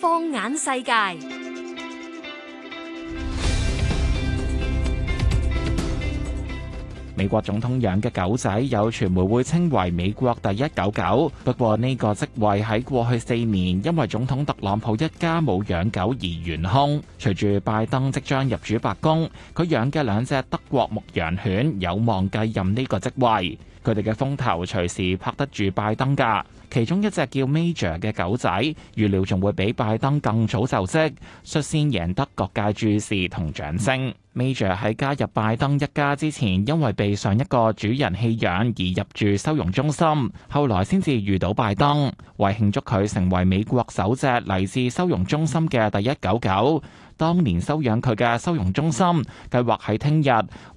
放眼世界，美國總統養嘅狗仔有傳媒會稱為美國第一狗狗。不過呢個職位喺過去四年因為總統特朗普一家冇養狗而懸空。隨住拜登即將入主白宮，佢養嘅兩隻德國牧羊犬有望繼任呢個職位。佢哋嘅風頭隨時拍得住拜登㗎，其中一隻叫 Major 嘅狗仔預料仲會比拜登更早就職，率先贏得各界注視同掌聲。Major 喺加入拜登一家之前，因為被上一個主人棄養而入住收容中心，後來先至遇到拜登，為慶祝佢成為美國首隻嚟自收容中心嘅第一狗狗。當年收養佢嘅收容中心計劃喺聽日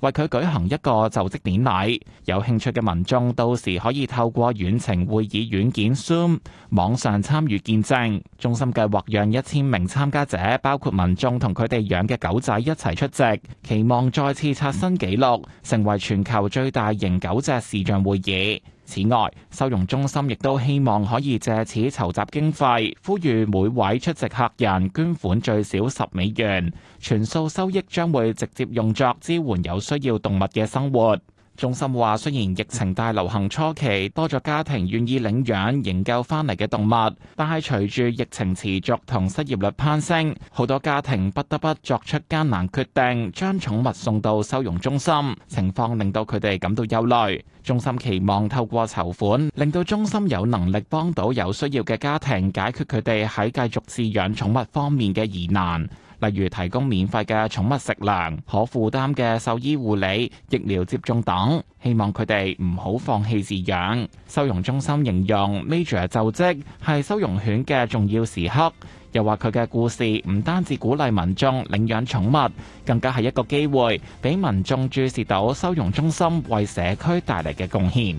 為佢舉行一個就職典禮，有興趣嘅民眾到時可以透過遠程會議軟件 Zoom 網上參與見證。中心計劃讓一千名參加者，包括民眾同佢哋養嘅狗仔一齊出席，期望再次刷新紀錄，成為全球最大型狗隻視像會議。此外，收容中心亦都希望可以借此籌集經費，呼籲每位出席客人捐款最少十美元，全數收益將會直接用作支援有需要動物嘅生活。中心話，雖然疫情大流行初期多咗家庭願意領養營救翻嚟嘅動物，但係隨住疫情持續同失業率攀升，好多家庭不得不作出艱難決定，將寵物送到收容中心。情況令到佢哋感到憂慮，中心期望透過籌款，令到中心有能力幫到有需要嘅家庭解決佢哋喺繼續飼養寵物方面嘅疑難。例如提供免費嘅寵物食糧、可負擔嘅獸醫護理、疫苗接種等，希望佢哋唔好放棄飼養。收容中心形容 Major 就職係收容犬嘅重要時刻，又話佢嘅故事唔單止鼓勵民眾領養寵物，更加係一個機會，俾民眾注視到收容中心為社區帶嚟嘅貢獻。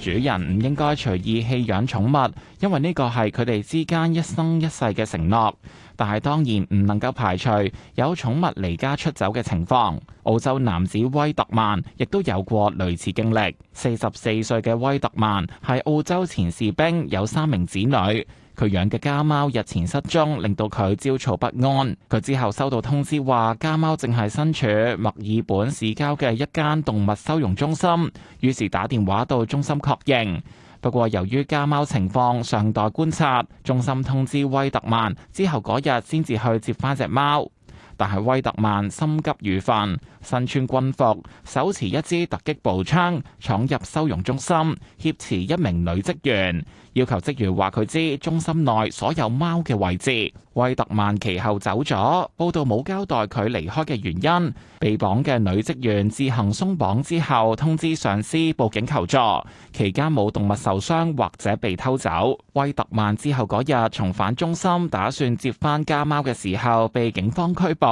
主人唔應該隨意棄養寵物，因為呢個係佢哋之間一生一世嘅承諾。但係當然唔能夠排除有寵物離家出走嘅情況。澳洲男子威特曼亦都有過類似經歷。四十四歲嘅威特曼係澳洲前士兵，有三名子女。佢養嘅家貓日前失蹤，令到佢焦躁不安。佢之後收到通知話，家貓正係身處墨爾本市郊嘅一間動物收容中心，於是打電話到中心確認。不過由於家貓情況尚待觀察，中心通知威特曼之後嗰日先至去接返隻貓。但係威特曼心急如焚，身穿軍服，手持一支突擊步槍闖入收容中心，挾持一名女職員，要求職員話佢知中心內所有貓嘅位置。威特曼其後走咗，報道冇交代佢離開嘅原因。被綁嘅女職員自行鬆綁之後，通知上司報警求助，期間冇動物受傷或者被偷走。威特曼之後嗰日重返中心，打算接翻家貓嘅時候，被警方拘捕。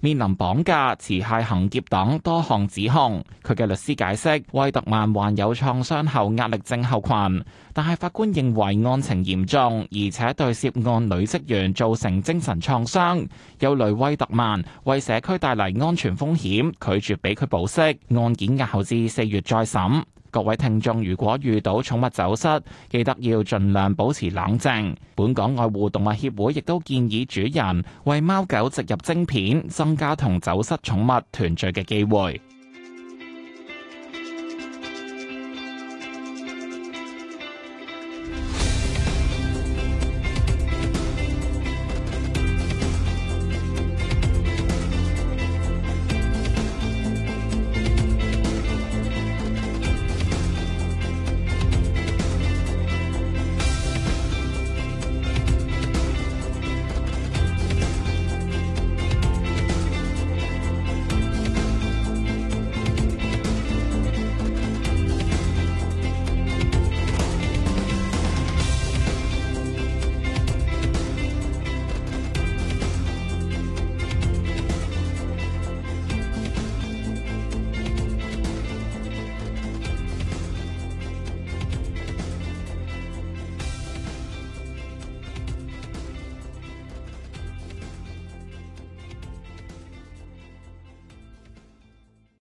面臨綁架、持械行劫等多項指控。佢嘅律師解釋，威特曼患有創傷後壓力症候群，但係法官認為案情嚴重，而且對涉案女職員造成精神創傷，憂慮威特曼為社區帶嚟安全風險，拒絕俾佢保釋，案件押後至四月再審。各位聽眾，如果遇到寵物走失，記得要盡量保持冷靜。本港愛護動物協會亦都建議主人為貓狗植入晶片，增加同走失寵物團聚嘅機會。